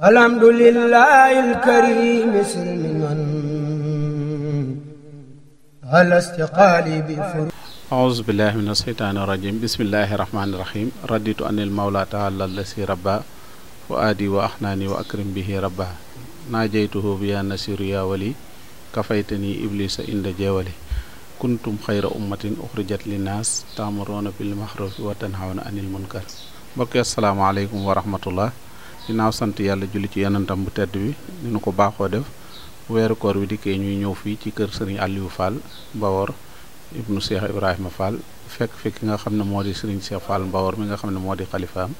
alhamdulillahi alkarim silminan ala istiqaali bi auzu billahi min asheytaani irajim bismillahi irahmaani irahim raditu anil mawla taala lasi aadi wa ahnaani wa akrim bihi rabba naajaytuhu bi yaa nasiru yaa wali kafaytani iblisa inda jeewali kuntum xayra ummatin uxrijat linnaas taamuruuna bil maxrufi wa tanhawna anil munkar mbokk asalaamaaleykum wa rahmatullah ginnaaw sant yàlla julli ci yonentam bu tedd bi ni nu ko baaxoo def weeru koor bi dikkee ñuy ñëw fii ci kër sëriñ Aliou Fall Mbawor ibnu Cheikh Ibrahima Fall fekk fi nga xam ne moo di sëriñ Cheikh Fall Mbawor mi nga xam ne moo di xalifaam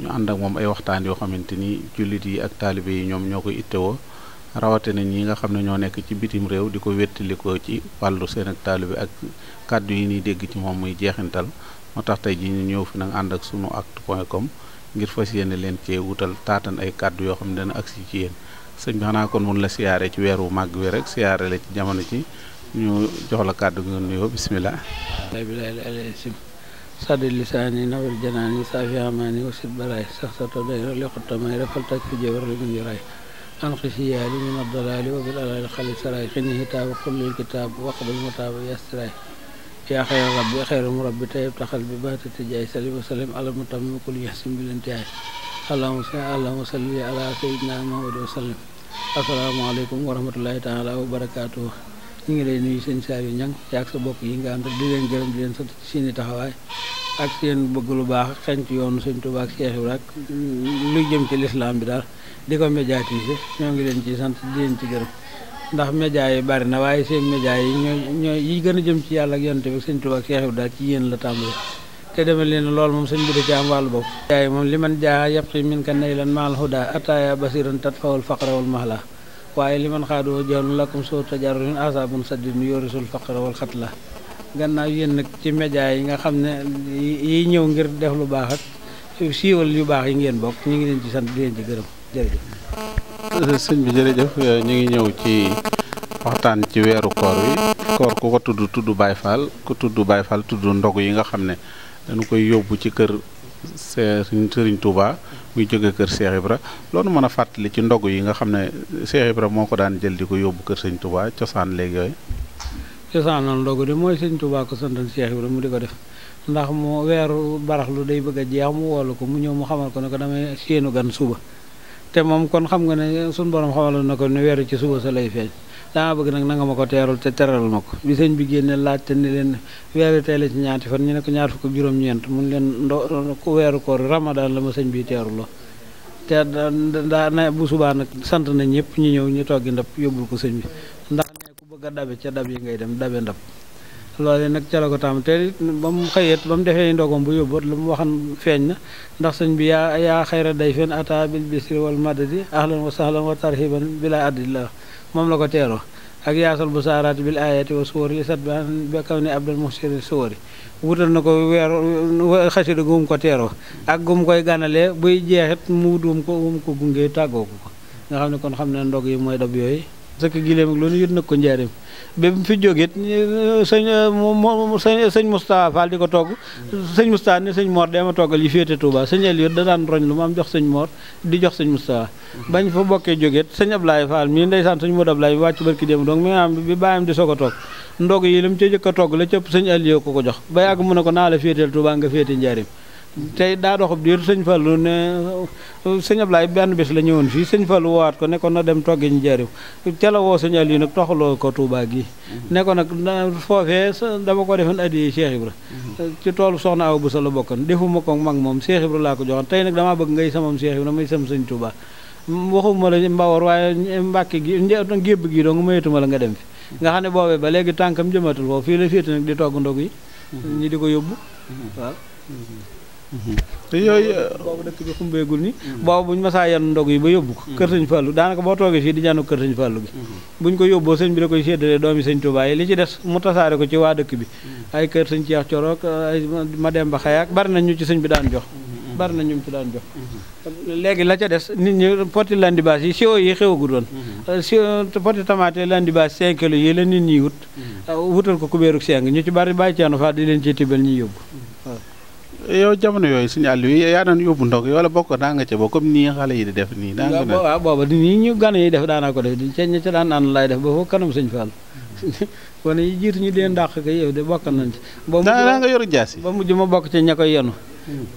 ñu ànd ak moom ay waxtaan yoo xamante ni jullit yi ak taalibe yi ñoom ñoo ko ittewoo rawatina ñi nga xam ne ñoo nekk ci bitim réew di ko wéttali ko ci wàllu seen ak taalibe ak kàddu yi ñuy dégg ci moom muy jeexintal moo tax tey jii ñu ñëw fi nag ànd ak sunu actu point ngir fas yéene leen cee wutal taatan ay kàddu yoo xam ne dana agsi ci yéen sëñ bi xanaa kon mun la siyaare ci weeru màgg wi rek siyaare la ci jamono ci ñu jox la kàddu nga nuyoo bisimilah saddi lisaani nawal janaani saafi amaani wasit baraay sax sa to day li xottamay rafal taj fi jëwar li gun jëraay anxisiyaali min addalaali wa bil alaali xali saraay hitaabu xullil kitaab waqdal mutaaba yastiraay yaa xayra rabbi xayra mu rabbi tayib taxal bi baata tijaay sali wa salim ala mu tamim kul yaxsin bi leen tiyaay allahumma salli allahumma salli ala sayyidina muhammad wa sallim asalaamaaleykum wa rahmatullahi taala wa barakaatuhu ñu ngi lay nuyu seen saa yu ñang yaag sa bokk yi nga ànd di leen gërëm di leen sant ci seeni taxawaay ak seen bëgg lu baax xenc yoonu Sëñ Tuubaa ak Seex Ibra ak lu jëm ci lislaam bi daal di ko médiatiser ñoo ngi leen ci sant di leen ci gërëm ndax média yi bari na waaye seen média yi ñooy ñooy yi gën a jëm ci yàlla ak yonte bi sëñ Tuubaa ci yéen la tàmbale te demee leen moom sëñ bi wàllu bopp média moom li man jaaxa yabqi min ka nay lan maal huda ataaya basiran tat fawul faqra wal waaye li man xaadoo joon lakum soo tajarun asabun saddin yorisul faqra wal xatla gannaaw yéen nag ci média yi nga xam ne yi ñëw ngir def lu baax ak siiwal yu baax yi ngeen bokk ñu ngi leen ci sant di leen ci gërëm jërëjëf sëñ bi jërëjëf euh, ñu ngi ñëw ci waxtaan ci weeru koor wi koor ku ko tudd tudd Baay Faal ku tudd Baay Faal tudd ndog yi nga xam ne dañu koy yóbbu ci kër Sëriñ Tuuba muy jóge kër Cheikh Ibra loolu mën a fàttali ci ndog yi nga xam ne Cheikh Ibra moo ko daan jël di ko yóbbu kër Sëriñ Tuuba cosaan léegi yooyu cosaanal ndog de mooy sëñ tubaa ko santal Cheikh mu di ko def ndax mu weeru baraxlu day bëgg a jeex mu woolu ko mu ñëw mu xamal ko ne ko damay séenu gan suba te moom kon xam nga ne suñu borom xamaloon na ko ne weeru ci suba sa lay feeñ dama bëgg nag nanga ma ko teerul te teral ma ko bi sëñ bi génne laajte ni leen weeru tey la ci ñaati fan ñu ne ko ñaar fukk ak juróom-ñeent mun leen ndo ku weeru koor ramadan la ma sëñ bi teeruloo te daa na bu subaa nag sant nañ ñëpp ñu ñëw ñu toggi ndab yóbbul ko sëñ bi ndax ne ku bëgg a dabe ca dab yi ngay dem dabe ndab loolee nag ca la ko tàmm te ba mu xëyeet ba mu defee ndogom bu yóbboot lu mu waxan feeñ na ndax sëñ bi yaa yaa xayra day fen ata bil bisri wal madadi ahlan wa sahlan wa la moom la ko teeroo ak yaasal bu saaraat bil ayati wa suwari li sat bi ba kaw ni abdal muhsiri suwari wutal na ko weer xasida gum ko teeroo ak gum koy gànnalee buy jeexit mu duum ko ko gungee tàggoo ko nga xam ne kon xam ne ndog yi mooy dab yooyu sëkk gileem ak loolu yët nag ko njaareem ba mu fi jógit sëñ sëñ Moustapha Fall di ko togg sëñ Moustapha ne sëñ Mor ma toggal yi féete Touba sëñ Eliot da daan roñ lu mu am jox sëñ Mor di jox sëñ Moustapha bañ fa bokkee jógit sëñ Ablaye Fall mii ndeysaan sëñ Modou Ablaye wàcc barki dem donc mi nga am bi bàyyam di soog a togg ndog yi li mu ca jëkk toog la cëpp sëñ Eliot ko ko jox bay yàgg mu ne ko naa la féeteel Touba nga féete njaareem tey daa doxub diir sëñ Fallou ne sëñ Ablaye benn bés la ñëwoon fii sëñ Fallou woowaat ko ne ko na dem toggi ñu jariw woo sëñ Aliou nag toxaloo ko Touba gi ne ko nag foofee dama ko defoon adiyee Cheikh Ibra toolu soxna aw bu sa la defuma ko mag moom Cheikh Ibra laa ko joxoon tey nag damaa bëgg ngay samam Cheikh Ibra may sam sëñ Touba waxuma la mbawar waaye mbàkke gi gébb gi dong mayetuma la nga dem nga xam ne boobee ba léegi tànkam jëmatul foofu fii la féete nag di togg ndog yi di ko yóbbu waaw te yooyu uh, boobu dëkk bi xumbeegul ni mm-hmm. boobu bu ma saa yenn ndog yi ba yóbbu ko mm-hmm. kër sëñ fàllu daanaka boo toogee fii di ñaanu kër sëñ fàllu bi mm-hmm. buñ ko yóbboo sëñ bi da koy séddalee doomi sëñ Tuubaa yi li ci des mu ko ci waa dëkk bi ay kër sëñ Ceex Coroog uh, ay Mademba Xayaak bari nañ ñu ci sëñ bi daan jox bari na ñu ci daan jox léegi la ca des nit ñi poti landibaas yi siwo yi xewagu doon uh, si poti tamaate landibaas cinq kilos yi la nit ñi wut wutal ko kubéeruk seng ñu ci bari bàyyi ceenu fa di leen ci tibal ñuy yóbbu yow jamono yooyu suñu àll yi yaa daan yo ndog yi wala bokk daa nga ca bokk comme nii xale yi def ni daa nga waaw yi def daanaa ko def ca ña ca daan naan laay def ba foofu kanam sëñ Fall. kon yi jiitu ñu leen dàq kay yow de bokk nañ ci. ba mujj ma daa nga yor jaas yi ba mujj ma bokk ci ña koy yenu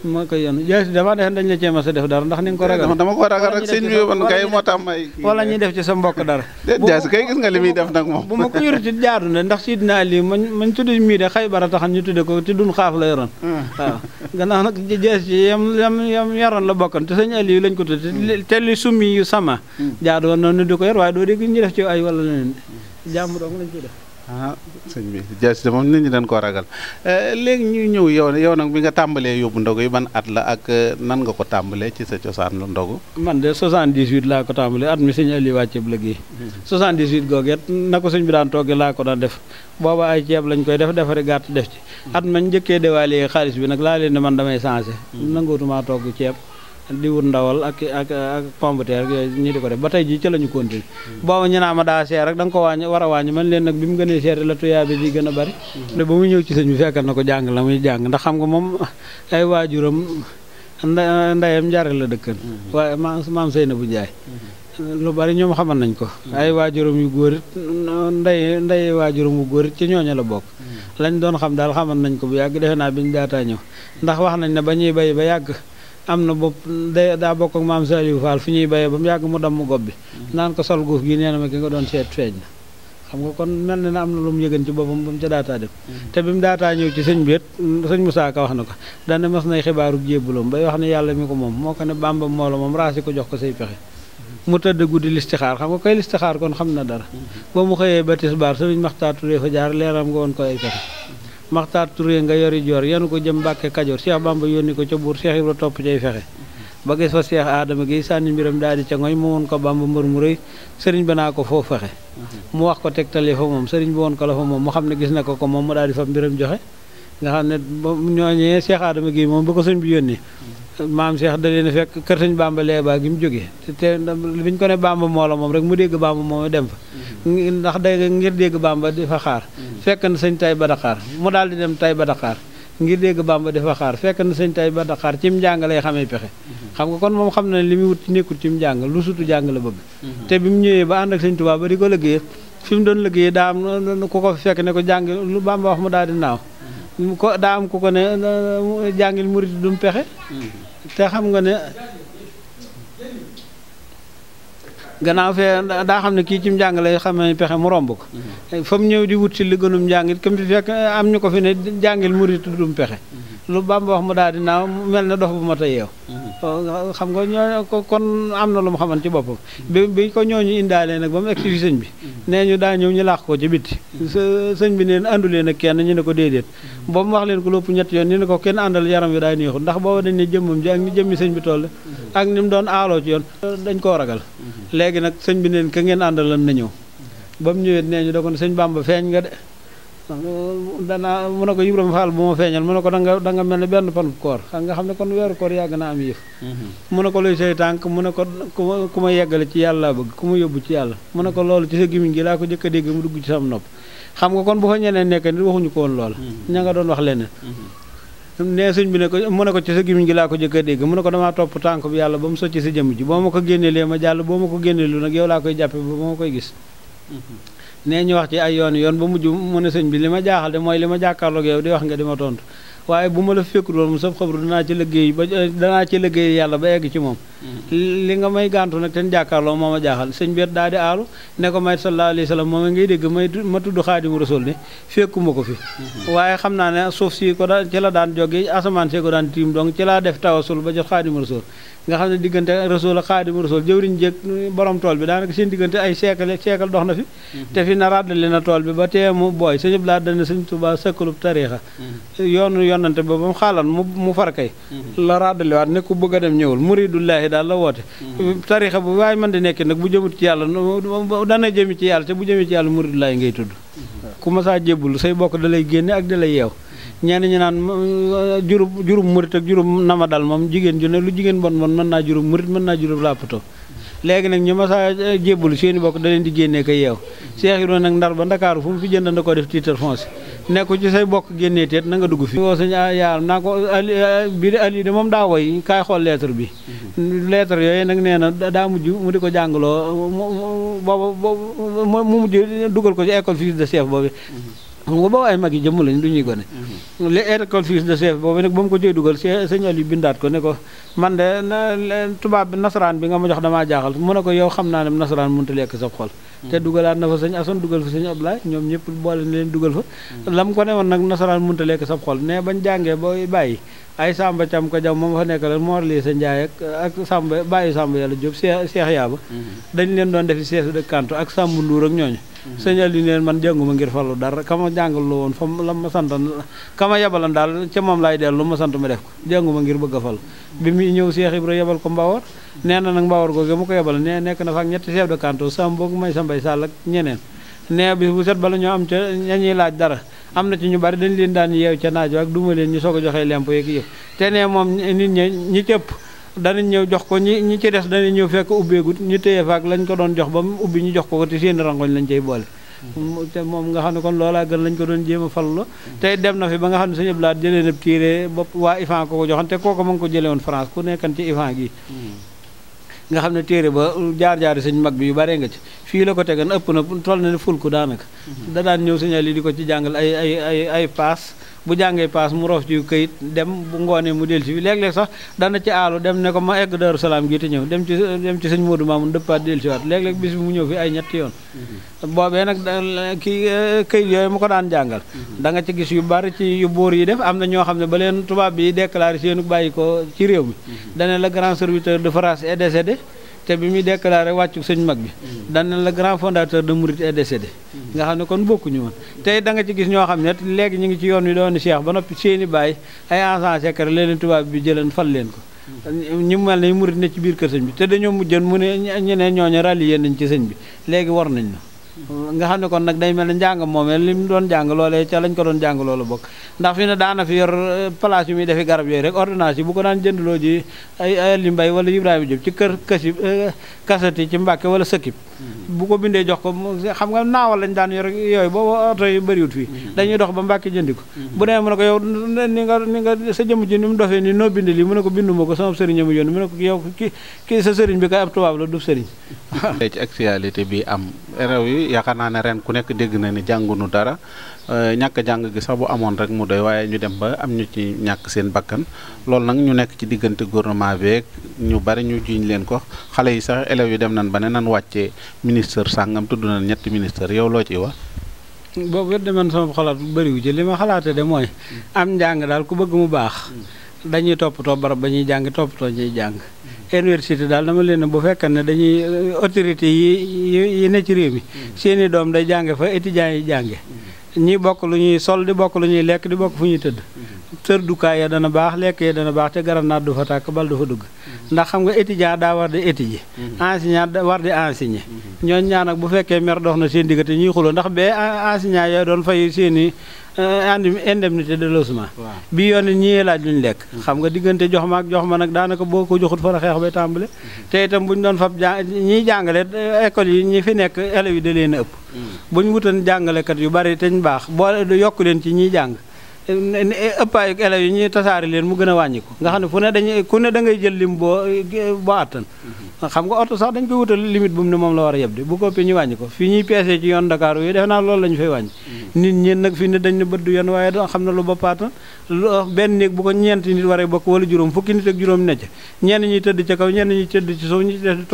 ma koy yoon jaasi dafa defoon dañ la cee mas a def dara ndax ni ko ragal rek sëñ bi man kay moo tax may ñuy def ci sa mbokk dara déet jaasi kay gis nga li muy def nag moom bu ma ko yoruti jaadu na ndax sidina Ali mañ mañ tudde mii de xay bara taxan ñu tudde ko ci dun xaaf la yoroon hmm. waaw gannaaw nag jaasi yam yam yam yoroon la bokkan te sëñ Ali lañ ko tudde te li summi yu sama hmm. jaadu woon noonu di ko yor waaye doo dégg ñu def ci ay wala leneen jàmm doog lañ ko def ah sëñ bi jaasi de moom nit ñi dañ koo ragal eh, léegi ñuy ñëw yow yow nag bi nga tàmbalee yóbbu ndogu yi ban at la ak eh, nan nga ko tàmbalee ci sa cosaan lu ndogu. man de 78 laa ko tàmbalee at mi sëñ Ali wàcce bu liggéey 78 hmm. googeet na ko sëñ bi daan toogee laa ko daan def booba ay ceeb lañ koy def defari gàtt def ci. Hmm. at ma njëkkee dewaale xaalis bi nag laa leen di man damay changé. Hmm. nanguutumaa toog ceeb. di wut ndawal ak ak ak pompeterre yooyu ñu di ko def ba tey jii ca la ñu continué booba ñu naa ma daa seer rek danga ko waañ war a wàññi man leen nag bi mu gënee seer la tuyaa bi di gën a bari te mhm. mu ñëw ci sëñ bi fekkal na ko jàng la muy jàng xam nga moom ay waajuram ndeyam njare la dëkkan mhm. waaye maam maam Seynabou Ndiaye mhm. lu bari ñoom xamal nañ ko ay waajuram yu góor it ndey ndey waajuram wu góor ci ñooñu la bokk lañ doon xam daal xamal nañ ko bu yàgg defe naa bi ñu daataa ñëw ndax wax nañ ne ba ñuy bay ba yàgg am na bopp de daa bokk ak maam Saliou Fall fu ñuy béyee ba mu yàgg mu damm gob bi naan ko sol guuf gi nee na ma ki nga doon seet feeñ na xam nga kon mel na ne am na lu mu yëgan ci boppam ba mu ca daataa dem te bi mu daataa ñëw ci sëñ bi it sëñ Ka wax na ko dana mas nay xibaaru jébbuloom bay wax ne yàlla mi ko moom moo ko ne bàmbam moo la moom raasi ko jox ko say pexe mu tëdd guddi listixaar xam nga koy listixaar kon xam na dara ba mu xëyee ba tisbaar sëriñ Maxtaar Touré fa jaar leeram nga ko ay maxtaar Touré nga yori joor yenu ko jëm Mbàkke Kajoor Cheikh Bamba yónni ko ca buur Cheikh ba topp cay fexe ba gis fa Cheikh Adama Guèye sànni mbiram daal di ca ngoy mu woon ko Bamba mbër mu rëy sëriñ ba naa ko foo fexe mu wax ko tegtale fa moom sëriñ bi woon ko la fa moom mu xam ne gis na ko ko moom mu daal di fa mbiram joxe nga xam ne ñooñee Cheikh Adama gi moom ba ko sëñ bi yónnee maam Cheikh da leen fekk kër sëñ Bamba ba baa gi mu jógee te bi ñu ko ne Bamba moo la moom rek mu dégg Bamba moom dem fa mm-hmm. ndax day mm-hmm. ngir dégg Bamba di fa xaar fekk na sëñ tay ba da mu daal ba Dakar ngir dégg xaar fekk na sëñ tay ba Dakar ci mu njàng lay xamee pexe mm-hmm. xam nga kon moom xam na ne li muy wut nekkul ci mu njàng lu sutu jàng la bëgg te bi mu ñëwee ba ànd ak sëñ Tuubaa ba di ko liggéey fi mu doon liggéey daa am ku ko fekk ne ko jàng lu Bamba wax mu daal di naaw ko daa am ku ko ne jàngil murit du mu pexe te xam nga ne gannaaw fee daa xam ne kii ci njàng lay xamee pexe mu romb ko mm-hmm. fa mu ñëw di wut si li gënum njàng it comme fi fekk am ñu ko fi ne jàngil murit dum pexe mm-hmm. lu Bàmba wax mu daal di naaw mel na dox bu mat a yeew mm-hmm. xam nga ñoo kon am na lu mu xaman ci boppam bi bi ko ñooñu indaalee nag ba mu egg ci sëñ bi mm-hmm. nee daa ñëw ñu làq ko ci biti mm-hmm. sëñ bi neen àndu leen ak kenn ñu ne ko déedéet ba mu wax leen ko lépp ñetti yoon ñu ne ko kenn àndal yaram wi daay neexul ndax booba dañ ne jëmmam ji ak ni jëmmi sëñ bi toll ak ni mu doon aaloo ci yoon dañ koo ragal léegi nag sëñ bi neen ka ngeen àndaloon na ñëw ba mu ñëwee nee ñu da ko sëñ Bàmba feeñ nga de danaa mu ne ko Ibrahima Fall bu ma feeñal mu ne ko danga danga mel ne benn panu koor nga xam ne kon weeru koor yàgg na am yëf mhm. mu a ko luy say tànk mu ne ko ku ma yeggale ci loolu ci sa gémmiñ gi laa ko jëkk a dégg mu mhm. mhm. a dégg ko damaa topp tànk bi yàlla ba mu socc si jëmm ji boo ma ko génneelee ma jàll boo ma ko génneelu nag yow laa koy jàppe ba ma koy gis nee ñu wax ci ay yoon yoon ba mujj mu ne sëñ bi li ma jaaxal de mooy li ma jàkkaarloog yow di wax nga di ma tontu waaye bu ma la fekkul woon mu saf xabru danaa ci liggéey ba danaa ci liggéey yàlla ba egg ci moom mm-hmm. li nga may gàntu nag ten jàkkaarloo moo ma jaaxal sëñ bi daa di aalu ne ko may sallallahu alayhi wa sallam moom ngay dégg may ma tudd xaadimu rasul ne fekkuma ko fi mm-hmm. waaye xam naa ne suuf si ko da ci la daan jóge asamaan si ko daan tiim donc ci laa def tawasul ba jot xaadimu rasul nga xam ne diggante rasul ak xaadimu rasul jëwriñ jéeg borom tool bi daanaka seen diggante ay seekal seekal dox na fi mhm. te fi na raadale na tool bi ba teemu booy sëñ bi laa dana sëñ Tuubaa sëkkalub tariixa mhm. yoonu yonante ba ba mu xaalan mu mu mhm. la raadalewaat ne ku a bu waaye mën di nekk nag bu jëmut ci yàlla dana jëmi ci yàlla te bu jëmi ci yàlla muridullaahi ngay tudd ku masaa jébbul say bokk da lay génne ak da lay yeew ñenn ñu naan euh, juróom juróom murit ak juróom nama dal moom jigéen ju ne lu jigéen bon bon mën naa juróom murit mën naa juróom làppatoo léegi nag ñu ma saa euh, jébbalu seeni bokk da leen di génnee ko yeew Seex Ibra nag ndar ba ndakaaru fu mu fi jënd na ko def titre foncier nekku ci say bokk génnee teet nanga nga dugg fi woo sañ yaa naa ko euh, bi ali de moom daa woy kaay xool lettre bi lettre yooyu nag nee na daa mujj mu di ko jàngaloo booba mu mujj dugal ko ci école fils de chef boobu xam nga boobu ay mag yi jëmm lañ du ñuy gone li école fils de chef boobu nag ba mu ko cee dugal sëñ Aliou bindaat ko ne ko man de bi nasaraan bi nga ma jox damaa jaaxal mu ne ko yow xam naa ne nasaraan mënut a lekk sa xol mhm. te dugalaat na fa sëñ Assane dugal fa sëñ Ablaye ñoom ñëpp boole na leen dugal fa mhm. lam ko woon nag nasaraan mënut a lekk sa xol ne bañ jàngee ba bàyyi ay samba cam ko jaw moom fa nekk la moor lii sa njaay ak ak samba bàyyi samba yàlla Jóob seex yaaba mhm. dañ leen doon defi seesu de kantu ak sàmb nduur ak ñooñu sëñal li neen man jànguma ngir falu dara kama jàngal loo woon fa la ma santan kama yebalan daal ca moom laay dellu lu ma sant ma def ko jànguma ngir bëgg a falu bi muy ñëw Cheikh Ibra yebal ko Mbawar nee na nag Mbawar googu mu ko yebal ne nekk na fa ak ñetti chef de canton sam may sa mbay ak ñeneen nee bis bu set bala ñoo am ca ñañuy laaj dara am na ci ñu bari dañ leen daan yeew ca naaj ak duma leen ñu a joxee lemp yeeg yëpp te danañ ñëw jox ko ñi ñi ci des danañ ñëw fekk ubbeegut ñu téye faak lañ ko doon jox ba mu ubbi ñu jox ko ko te seeni rangoñ lañ cay boole te moom nga xam ne kon loolaa gën lañ ko doon jéem a fallu tey dem na fi ba nga xam ne sëñ Abdoulaye jëlee na tiire bopp waa ifan ko ko joxoon te kooku ma ko jëlee woon France ku nekkan ci ifan gi hmm. nga xam ne téere ba jaar-jaari sëñ mag bi yu bare nga ci fii la ko tegan ëpp na toll ne ful ko daanaka hmm. da daan ñëw sëñ Ali di ko bu jàngee paas mu roof ci këyit dem bu ngoonee mu dellu si bi léeg sax dana ci aalu dem ne ko ma egg Daaru Salaam gi te ñëw dem ci dem ci sëñ Modou Mamoun dëppaat dellu si waat léeg-léeg bis bi mu ñëw fi ay ñetti yoon mhm. boobee nag kii eh, këyit yooyu mu ko daan jàngal mhm. da nga ci gis yu bari ci yu bóor yi def am na ñoo xam ne ba leen tubaab bi déclaré seenu bàyyi ko ci réew mi mhm. dane la grand serviteur de France est décédé te bi muy déclaré wàccu sëñ mag bi dañ la le grand fondateur de Mouride est nga xam ne kon bokkuñu woon tey da nga ci gis ñoo xam ne léegi ñu ngi ci yoon wi doon Cheikh ba noppi seeni baay ay ancien secret leen tubaab bi jëleen fal leen ko ñu mel ne Mouride ne ci biir kër sëñ bi te dañoo mujjoon mu ne ñenee ñeneen ñooñu rallié nañ ci sëñ bi léegi war nañ na nga xam ne kon nag day mel ne njàng moomee li mu doon jàng loolee ca lañ ko doon jàng loolu bokk ndax fi ne daana fi yor eh, place yu muy defi garab yooyu rek ordonnance yi bu ko daan jëndloo ji ay Ali Mbay wala Ibrahima Diop ci kër kasi eh, kasati ci Mbàkke wala sëkkib mm-hmm. bu ko bindee jox ko xam nga naawal lañ daan yor yooyu booba oto yu bëriwut fii mm-hmm. dañuy dox ba Mbàkke jëndi ko mm-hmm. bu demee mu ne ko yow ni nga sa jëmm ji ni mu dofee ni noo bind lii mu ne ko binduma ko sama sëriñ amu yoon mu ne ko yow ki ki sa sëriñ bi kay ab tubaab la du sëriñ bi am raw yi gi yaakaar naa ne ren ku nekk dégg na ni jàngunu dara euh, ñàkk jàng gi sax bu amoon rek mu doy waaye ñu dem ba am ñu ci ñàkk seen bakkan loolu nag ñu nekk ci diggante gouvernement beeg ñu bari ñu jiñ leen ko xale yi sax élèves yi dem nañ ba ne nan wàccee ministre sàngam tudd na ñetti ministre yow loo ciy wax. boobu it de man sama xalaat bu bëriwu ci li ma xalaatee de mooy mm. am njàng daal ku bëgg mu baax mm. dañuy toppatoo barab ba ñuy jàng toppatoo ñuy jàng. université daal dama leen bu fekkee ne dañuy euh, autorité yi yi ci réew mi mm. seeni doom day jànge fa étudiants yi jànge mm. ñi bokk lu ñuy sol di bokk lu ñuy lekk di bokk fu ñuy tëdd mm. tëddukaay ya dana baax lekk ya dana baax te garab naat du fa tàkk bal du fa dugg ndax xam nga étudiant daa war di étudier mhm. enseignant war di enseigner mhm. ñooñu ñaan nag bu fekkee mer dox na seen diggante ñuy xuloo ndax bee enseignant yooyu doon fay seen eh, i indemnité de logement bii yoon ñii laaj lu ñu lekk mhm. xam nga diggante jox ma ak jox ma nag daanaka boo ko joxut fa la xeex bay tàmbale te itam bu ñu doon fab jàng ñiy jàngale eh, école yi ñi fi nekk élèves yi da leen a ëpp bu ñu wutoon jàngalekat yu bari te ñu baax boo yokk leen ci ñiy jàng ëppaayu élèves yi ñuy tasaari leen mu gën a wàññi nga xam ne fu ne dañuy ku ne da ngay jël lim boo eh, boo attan mm-hmm. xam nga oto sax dañ koy wutal limite bu mu ne moom la war a yeb de bu ko ëppee ñu wàññi ko fii ñuy peesee ci yoon Dakar yooyu def naa loolu la ñu fay wàññi mm-hmm. nit ñi nag fii ne dañ ne bëdd yoon waaye xam na lu boppaatan benn néeg bu ko ñeenti nit waree bokk wala juróom fukki nit ak juróom necc ñenn ñi tëdd ca kaw ñenn ñi tëdd ci suuf ñi def di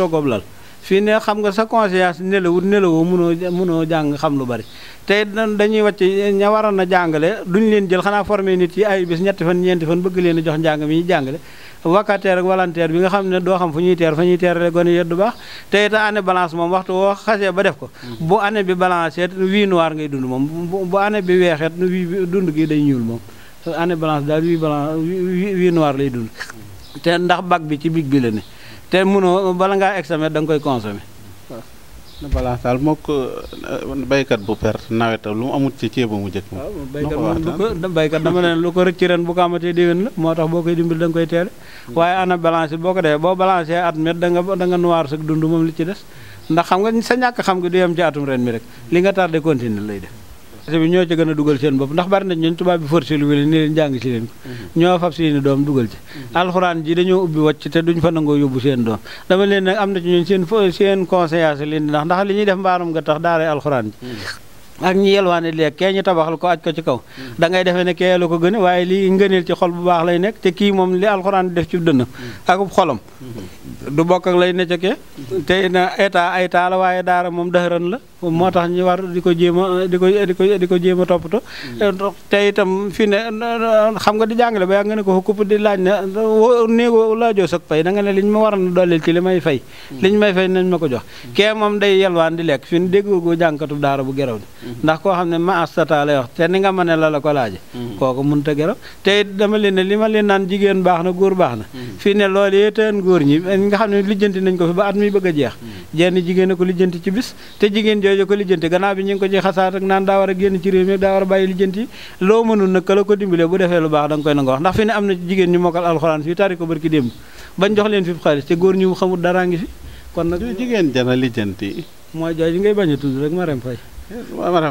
fii ne xam nga sa conscience nelawut nelawoo mënoo mënoo jàng xam lu bari tey dañuy wàcc ña waroon na jàngale duñ leen jël xanaa formé nit yi ay bis ñetti fan ñeenti fan bëgg leen di jox njàng mi ñu jàngale vacataire ak volontaire bi nga xam ne doo xam fu ñuy teer fu ñuy teerale gone yëpp du baax tey te année balance moom waxtu woo xasee ba def ko mm. bu année bi balancé wii noir ngay dund moom bu année bi weexeet wii dund gi day ñuul moom année balance daal wii balance wii noir lay dund mm. te ndax bag bi ci big bi la ne te mënoo bala ngaa examen da nga koy consommer. na ah. balaa daal moog eh, béykat bu perte nawet lu mu amut ci ceeba mu njëkk moom. waaw ah, béykat béykat dama leen lu ko rëcc ren bu ko amatee déwén la moo tax boo koy dimbali da nga koy teele hmm. waaye ana balance boo ko defee boo balancé at mi da nga da nga noir sa dund moom li ci des ndax xam nga sa ñàkk xam nga du yem ci atum ren mi rek li nga tardé continue lay def. bi ñoo ci gën a dugal seen bopp ndax bari nañ tubaab bi forcé lu leen ni leen jàng si leen ko mhm. ñoo fab seeni doom dugal ci mhm. alxuraan ji dañoo ubbi wàcc te duñ fa nangoo yóbbu seen doom dama leen nag am na ci ñun seen seen conseillage leen ndax ndax li ñuy def mbaaram nga tax daaray alxuraan ji mhm. ak ñi yelwaane léeg kee ñu tabaxal ko aj ko ci kaw dangay ngay defee ne kee la ko gën waaye lii ngëneel ci xol bu baax lay nekk te kii moom li alxuraan def ci dënn akub xolam du bokk ak lay ne ca te na état ay la waaye daara moom dëxëran la moo tax ñu war di ko jéem a di ko di ko di ko jéem a toppatoo te itam fii ne xam nga di jàngale ba yàgg nga ne ko xupp di laaj ne néego laajoo sag pay da nga ne liñ ma waroon dooleel ci li may fay liñ may fay nañ ma ko jox kee moom day yelwaan di lekk fi ne déggoo jànkatub daara bu geraw ni ndax koo xam ne ma astata lay wax te ni nga ma ne la la ko laaje kooku mun ta geraw te it dama leen ne li ma leen naan jigéen baax na góor baax na fii ne loolu yéeteen góor ñi nga xam ne lijjanti nañ ko fi ba at mi bëgg a jeex jenn jigéen a ko lijjanti ci bis te jigéen yooyu ko lijjanti gannaaw bi ñu ngi ko ci xasaat ak naan a génn ci réew mi daa war a bàyyi lijjanti loo mënul ka la ko dimbalee bu defee lu baax da nga koy na jigéen ñu mokkal alxuraan fii tari ko barki démb jana lijjanti mooy jooju ngay bañ a tudd rek Marème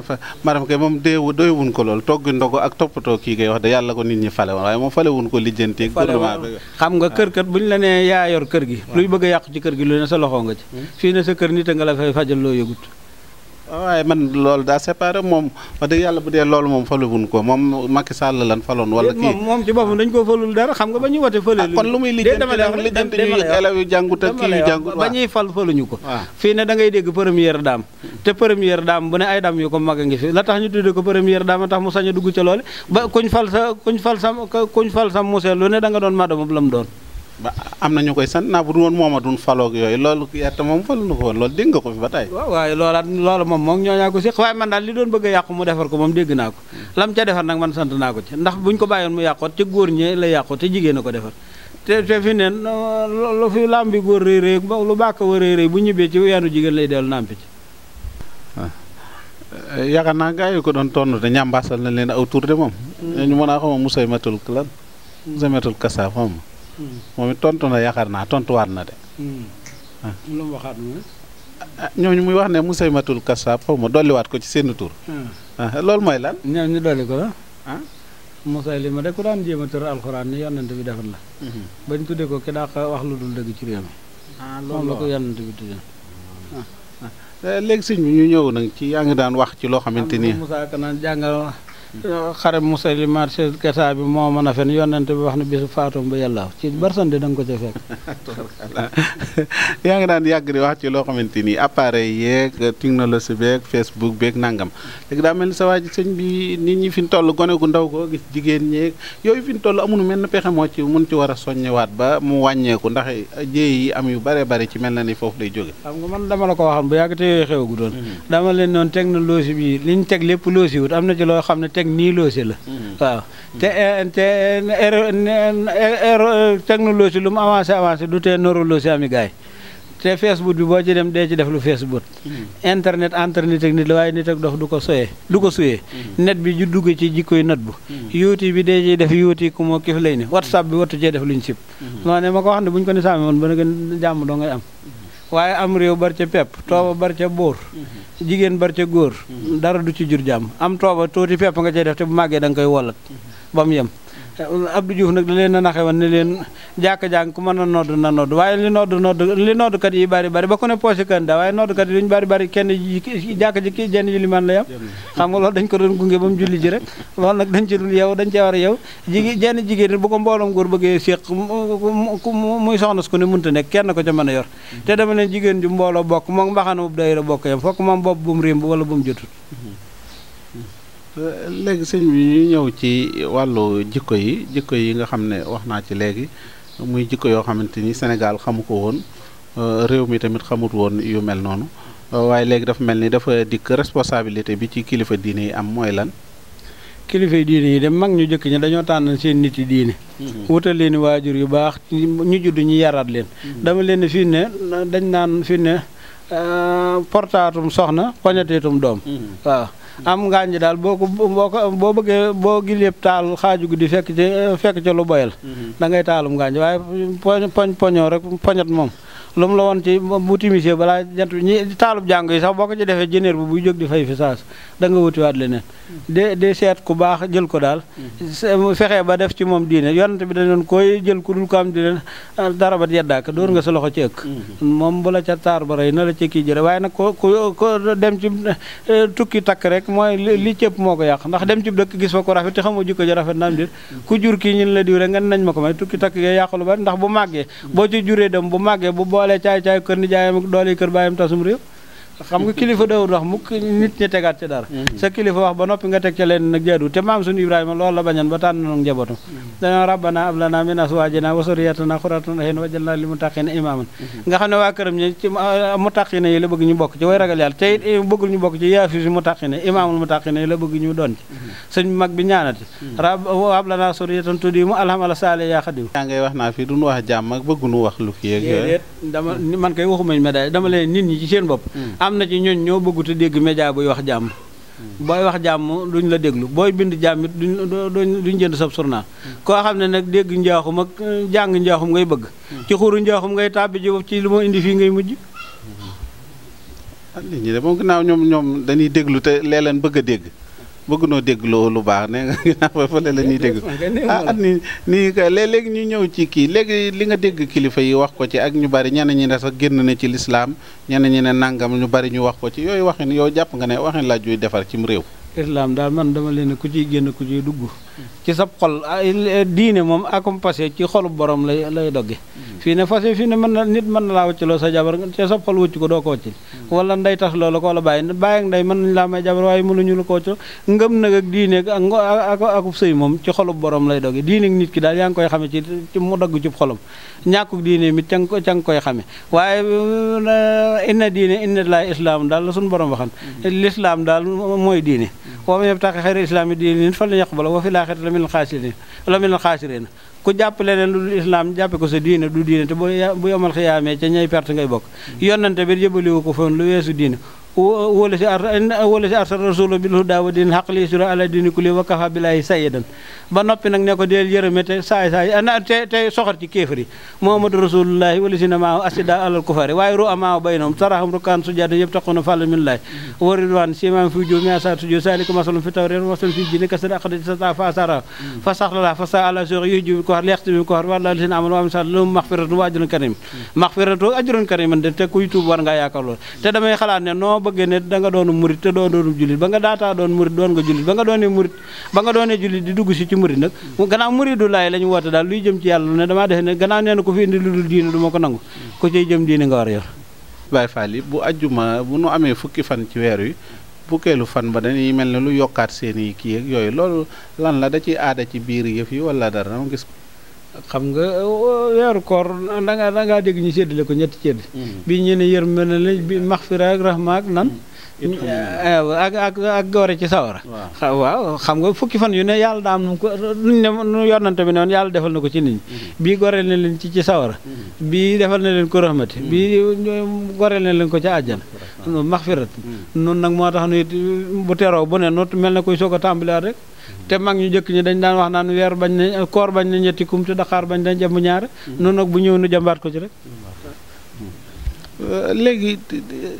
Faye maram kay moom deewu doy wun ko lool togg ndogu ak toppatoo kii ngay wax de yàlla ko nit ñi fale waaye moom fale wun ko lijjanti gouvernement bi xam nga ah. kër kat bu ñu la nee yaa yor kër gi ah. luy bëgg a yàqu ci kër gi lu ne sa loxo nga ci hmm. fii ne sa kër nit a la fay fajal loo yëgut waaye man loolu daa séparé moom wax dëgg yàlla bu dee loolu moom faluwuñ ko moom Macky Sall lan faloon wala kii moom ci boppam dañ koo falul dara xam nga ba ñuy wote faluñu ah, kon lu muy lijjanti lijjanti ñuy élèves yu jàngut ak kii yu jàngut ba ñuy fal ah. ne da te première dame bu ne ay dame yu ko mag a ngi fi la tax a dugg ca loole ba kuñ fal sa kuñ fal sa da nga doon madame bu la mu doon ba am na ñu koy sant naa bu dul woon mooma dun faloog yooyu loolu yàtta moom falu na ko woon loolu ko fi ba tey waaw waaye loolaat loolu moom moom ñooñaa ko séq waaye man daal li doon bëgg a yàqu mu defar ko moom dégg naa ko hmm. lam ca defar nag man sant naa ko ci ndax ko bàyyoon mu yàqoot ci góor ñe la ko defar te te fi neen lu làmbi góor réy réy lu bàkk wa réy réy bu ñibbee ci yaanu jigéen lay dellu nàmpi ci ah. eh, yaakaar naa gaa yi ko doon tontu te ñàmbaasal na leen aw tur de moom hmm. eh, ñu mën a xama musay matul lan musay matul kasa xama moom it tontu na yaakaar naa tontuwaat na de. Hmm. lu mu waxaat moom. Ah, ñooñu muy wax ne Musaymatul Kassab xaw ma dolliwaat ko ci seen tur. Hmm. Ah, loolu mooy lan. ñoom ñu dolli ko la. Ah? Musaylima de ku daan jéem a tër alxuraan ni yonent bi defar la. Hmm. bañ tuddee ko ki daa wax lu dul dëgg ci réew mi. ah loolu moom la ko yonent bi tuddee. Eh, léegi sëñ bi ñu ñëw nag ci yaa ngi daan wax ci loo xamante ni. Moussa Ka naan jàngal. xare musali marché kasa bi moo mën a fen yonente bi wax ne bisu faatoom ba yàllaaw ci barsande da nga ko ca fekk yaa ngi daan yàgg di wax ci loo xamante ni appareil yeeg technologie beeg facebook beeg nangam léegi daa mel ni sa sëñ bi nit ñi fi ñu toll gone gu ndaw ko gis jigéen ñeeg yooyu fi ñu toll amunu mel na pexe moo ci mun ci war a soññewaat ba mu wàññeeku ndax jéey yi am yu bare bare ci mel na ni foofu lay jóge xam nga man dama la ko waxam hmm. am na ci loo xam ne teg nii loose la. Mm-hmm. waaw te eh, te er, er, er, technologie lu mu avancé avancé du tee noru ami gars yi te Facebook bi boo ci dem dee ci def lu Facebook. Mm-hmm. internet entre nit ak nit la waaye nit ak dof du ko soyee du ko suyee. Mm-hmm. net bi ju dugg ci jikkoy not bu. youtube bi dee ciy def youtube ku moo kif lay ni whatsapp bi wattu cee def luñ sib. moo ne ma ko wax ne buñ ko ni saamee woon ba nga gën jàmm doo ngay am. waaye am réew bar ca pepp tooba bar ca bóor jigéen bar ca góor dara du ci jur jàmm am tooba tuuti pepp nga cay def te bu màggee da nga koy wollat ba yem Eh, Abdou Diouf nag da leen a naxe woon ne leen jàkka jàng ku mën a nodd na nodd waaye li nodd nodd li noddkat yi bari bari ba ku ne poche kanda waaye noddkat yi duñ bari bari kenn ji jàkka ji kii jenn ji limaan la yam xam nga loolu dañ ko doon gunge ba mu julli ji rek loolu nag dañ ci dul yow dañ cee war a yow jigi jenn jigéen bu ko mbooloom góor bëggee séq muy soxna su ko ne munta nekk kenn ko ca mën a yor mm-hmm. te dama leen jigéen ju mbooloo bokk moom mbaxana bu dayra bokk yam fokk moom bopp bu mu réem Euh, léegi sëñ bi ñu ñëw ci wàllu jikko yi jikko yi nga xam ne wax naa ci léegi muy jikko yoo xamante ni Sénégal xamu ko woon euh, réew mi tamit xamut woon yu mel noonu euh, waaye léegi dafa mel ni dafa dikk responsabilité bi ci kilifa diine yi am mooy lan. kilifa diine yi dem mag ñu jëkk ñi dañoo tànn seen nit yi diine mm-hmm. wutal leen waajur yu baax ñu judd ñu yaraat leen mm-hmm. dama leen fii ne dañ naan fii ne portaatum soxna poñateetum doom mm-hmm. waaw am ngaañ daal boo ko boo ko boo bëggee boo gileeb taal xaaju guddi fekk ci fekk ci lu boyal mm-hmm. da ngay taalum ngaañ waaye poñ poñ poñoo rek poñat moom lu mu la woon ci bu timisee balaa jant ñi taalub jàng yi sax boo ko ci defee jëneer bu buy jóg di fay fi da nga wutiwaat leneen mm-hmm. de de seet ku baax jël ko daal mm-hmm. fexee ba def ci moom diine yonante bi dañoon koy jël ku dul ko am diine ah, dara ba yeddaak dóor nga sa loxo ci ëkk moom bu la ca taar ba rey na la ci kii jëre waaye ko ku dem tukki takk rek mooy li cëpp moo ko yàq ndax dem ci dëkk gis fa ko rafet te xamoo jikko ji rafet naam déet ku jur kii ñun la diw rek nañ ma ko may tukki takk yee yàqu lu bari ndax bu màggee boo ci juree dem bu màggee bu boolee caay caay kër nijaayam ak kër baayam tasum réew xam nga kilifa dawul wax mukk nit ñi tegaat ca dara mm-hmm. sa kilifa wax ba noppi nga teg ca leen nag jaadu te maam sunu ibrahima loolu la bañan ba tànn noonu njabootam mm-hmm. dañoo rabbana ablana min aswaajina wa surriyatina qurrata a'yun waj'alna lil muttaqina imaman mm-hmm. nga xam ne waa këram ñi ci ah, muttaqina yi la bëgg ñu bokk ci way ragal yàlla te it eh, bëggul ñu bokk ci yaafi si muttaqina imaamul muttaqina yi la bëgg ñu doon ci sëñ mag bi ñaanati rab ablana surriyatan tuddi mu alhamala saale yaa xadim yaa ngay wax naa fii duñu wax jàmm ak bëgguñu wax lu kii ak dama man koy waxumañ médaille dama leen am na ci ñooñ ñoo bëggut a dégg média buy wax jàmm booy wax jàmm duñ la déglu booy bind jàmm it duñ duñ jënd sab surnaal koo xam ne nag dégg njaaxum ak euh, jàng njaaxum ngay bëgg ci xuuru njaaxum ngay tàbbi ji ci li moo indi fii ngay mujj ah, nit ñi ñoom ñoom dañuy déglu te lee leen bëgg a dégg bëgg noo dégloo lu baax nee nga ginnaaw fële la ñuy dégg ah at ni nii kay léeg ñu ñëw ci kii léegi li nga dégg kilifa yi wax ko ci ak ñu bari ñenn ñi ne sax génn ne ci lislaam ñenn ñi ne nangam ñu bari ñu wax ko ci yooyu waxin yow jàpp nga ne waxin laaj yuy defar cim réew islaam daal man dama leen ku ciy génn ku ciy dugg ci sab xol ah, eh, diine moom accompagné ci xolu borom lay lay dogge fii ne fas fii ne mën na nit mën na laa wëccaloo sa jabar ci sab xol wëcc ko doo ko wëccil wala nday tas loola ko la bàyyi bàyyi ak nday mën nañu laa may jabar waaye ñu la ko wëccaloo ngëm nag ak diine ak akub sëy moom ci xolub borom lay dogge diine ak nit ki daal yaa ngi koy xame ci ci mu dagg ci xolam ñàkkuk diine mi ca ca nga koy xame waaye eh, inna diine inna laay islam daal la suñu borom waxan mm-hmm. l'islam daal mooy diine wa man yabtaqi xayra islaami diinin falan yaqbala wa fil aaxirati la minal xaasiriin la minal xaasiriin ku jàpp leneen lu dul islam jàppe ko sa diina du diine te bu bu yomal xiyaamee ca ñay perte ngay bokk mm. yonante bi jëbaliwu ko foon lu weesu diine هو الذي أرسل هو الذي أرسل رسوله بالهدى ودين الحق ليشرع على دين كله وكفى ba noppi nag ne ko deel yërëme te saay saay te soxor ci kéefar yi rasulullahi wala si na maaw asida alal kufari waaye ru amaaw baynahum sarahum rukaan sujaada yëpp taxuna fàlla minlaay wa ridwaan simaam fi jo miasa sudio saalika masalum fi tawreet masalum fi jine kasar aqdati fa sara fa saxlala fa sa ala sox yuy jubi ko xar leexti bi bëggee ne da nga doonu murit te doonu jullit ba nga daataa doon murit doon nga jullit ba nga doonee murit ba nga doonee jullit di dugg si ci murit nag gannaaw muridu laay la ñu woote daal luy jëm ci yàlla lu ne damaa defe ne gannaaw nee na ku fi indi lu dul diine du ma ko nangu ku ciy jëm diine nga war a yor Baay Faal yi bu ajjuma bu nu amee fukki fan ci weer wi fukkeelu fan ba dañuy mel ne lu yokkaat seen i kii ak yooyu loolu lan la da ciy aada ci biir yëf yi wala dara dama gis xam nga euh, weeru koor da nga da ngaa dégg ñu séddale ko ñetti cedd mm-hmm. bi ñu ne yërmande la bi maxfira ak rahma nan mm-hmm. Eh, eh, ak ak ak gore ci sawara waaw xam nga fukki fan yu ne yàlla daa am nu ko luñ ne nu yonante bi ne woon yàlla defal na ko ci nit ñi mm-hmm. bii goreel na leen ci ci sawara mm-hmm. bii defal na leen ko rahmati mm-hmm. bii goreel na leen ko ca àjjana maxfirat noonu nag moo tax nu bu teroo bu ne not mel na koy soog a tàmbaliwaat rek te mag ñu jëkk ñi dañ daan wax naan weer bañ na koor bañ na ñetti kumte daqaar bañ na jëmm ñaar noonu nag bu ñëw nu jàmbaat ko ci rek léegi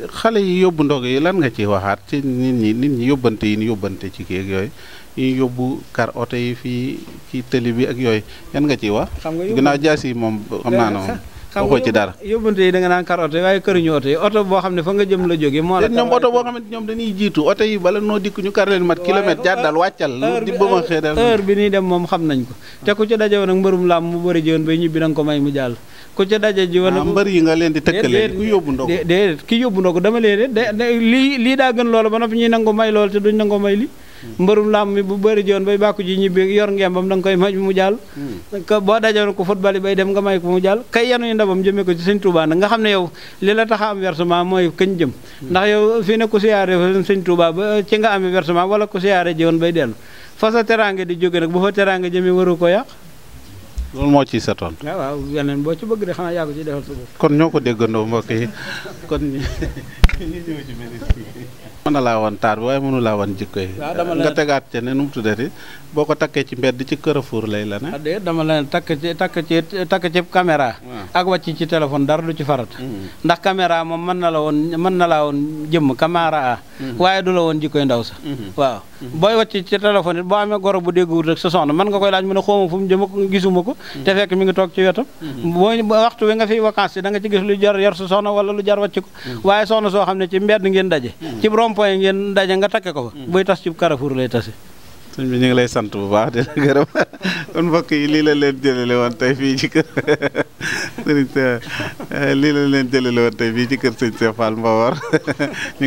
xale yi yóbbu ndog yi lan nga ci waxaat ci nit ñi nit ñi yóbbante yi ñu yóbbante ci kii ak yooyu yi yóbbu car yi fii ci tëli bi ak yooyu yan ciy wax. xam nga ginnaaw jaas yi moom xam naa ne moom. waxoo ci dara yóbbante yi da nga naan car oto yi waaye këruñu oto yi oto boo xam ne fa nga jëm la jógee. moo la ñoom oto boo xam ne ñoom dañuy jiitu oto yi bala noo dikk ñu kar leen mat kilomètre jaar daal wàccal. di ba ma xëy bi nii dem moom xam nañ ko. te ku ci daje woon ak mbërum laam mu bëri jiwoon ba ñibbi da nga ko may mu jàll ku ca daje ji wala ah, mbër yi nga leen di tëkkale ku yóbbu ndogu déedéet ki yóbbu ko dama leen de lii lii daa gën loola ba noppi ñuy nangu may lool te duñ nangu may li hmm. mbërum làmb mi bu bëri joon bay bàkku ji ñibbi yor ngembam da nga koy maj mu jàll hmm. que boo ko football yi bay dem nga may ko mu jaal kay yenuñu ndabam jëmee ko ci sëñ Touba nag nga xam ne yow li la tax a am versement mooy këñ jëm hmm. ndax yow fii ne ku siyaare sëñ Touba ba ci nga amee versement wala ku siyaare ji bay dellu fa sa di jóge nag bu fa teraanga jëmee waru ko yàq loolu moo ciy setoon. waaw waaw boo ci bëgg de xanaa yaa ko ciy defal sa bopp. kon ñoo ko déggandoo mbokk yi kon ñu ñëw mën na laa wan taar bi waaye mënu laa wan jikko yi. nga tegaat ci ne nu de tuddati boo ko takkee ci mbedd ci kër lay la ne. Ah, déet dama la ne takk ci takk ci takk ci caméra. ak wàcc ci téléphone dara du ci farat. Mm-hmm. ndax caméra moom mën na la woon mën na laa woon jëmm caméra a mm-hmm. waaye du la woon jikkoy ndaw sa. Mm-hmm. waaw booy wàcc ci téléphone it boo amee goro bu dégguwut rek sa soxna mën nga koy laaj mu ne xawma fu ko. te fekk mi ngi toog ci wetam. boo waxtu wi nga fiy vacances da nga ci gis rocc ko waaye soxna soo xam ne ci mbedd ngeen daje hmm. ci rond-point ngeen daje nga takke ko fa hmm. buy tas ci Carrefour lay tase sëñ bi ñu ngi lay sant bu baax di la gërëm kon mbokk yi lii la leen jëlale woon tey fii ci eh, lii la leen jëlale woon tey fii ci kër sëñ Cheikh Fall ñu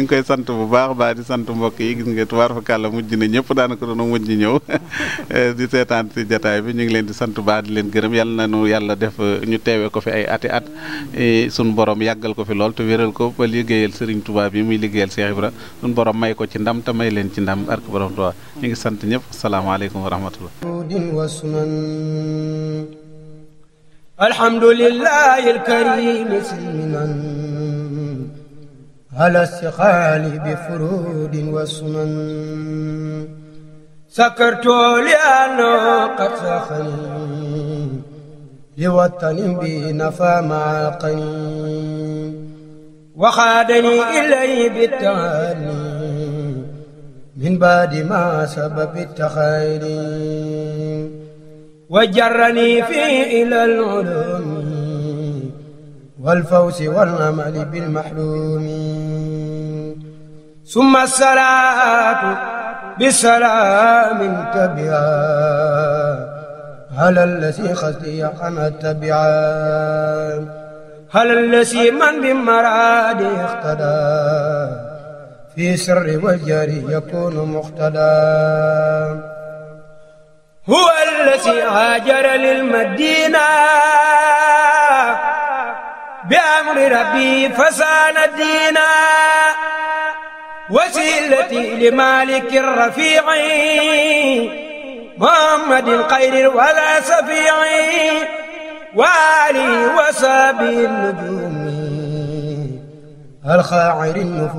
ngi koy sant bu baax baax di sant mbokk yi gis nga tubaar fa kàlla mujj na ñëpp daanaka doon mujj ñëw eh, di seetaan si bi ñu ngi leen di sant baax di leen gërëm yal na nu yàlla def eh, ñu teewee ko fi ay ati at suñ borom yàggal ko fi lool te wéral ko ba liggéeyal sëriñ Tuubaa yi muy liggéeyal Cheikh Ibra suñ borom may ko ci ndam te may leen ci ndam ark borom ñëpp salaamaaleykum wa rahmatullah wa sunan alhamdulillahi alkarim silminan ala istiqaali bi furudin wa sunan sakartu li'anna qad saxani liwatanin bi nafa maaqani waxaadani ilay bi taani من بعد ما سبب التخير وجرني في إلى العلوم والفوز والأمل بالمحلوم ثم الصلاة بسلام تبعا هل الذي خزي أنا تبعا هل الذي من بمرادي اقتدى في سر والجار يكون مقتدا هو الذي هاجر للمدينة بأمر ربي فسان الدين وسيلتي لمالك الرفيع محمد الخير ولا سفيع وآله وصحبه النجوم الخاعر النفوس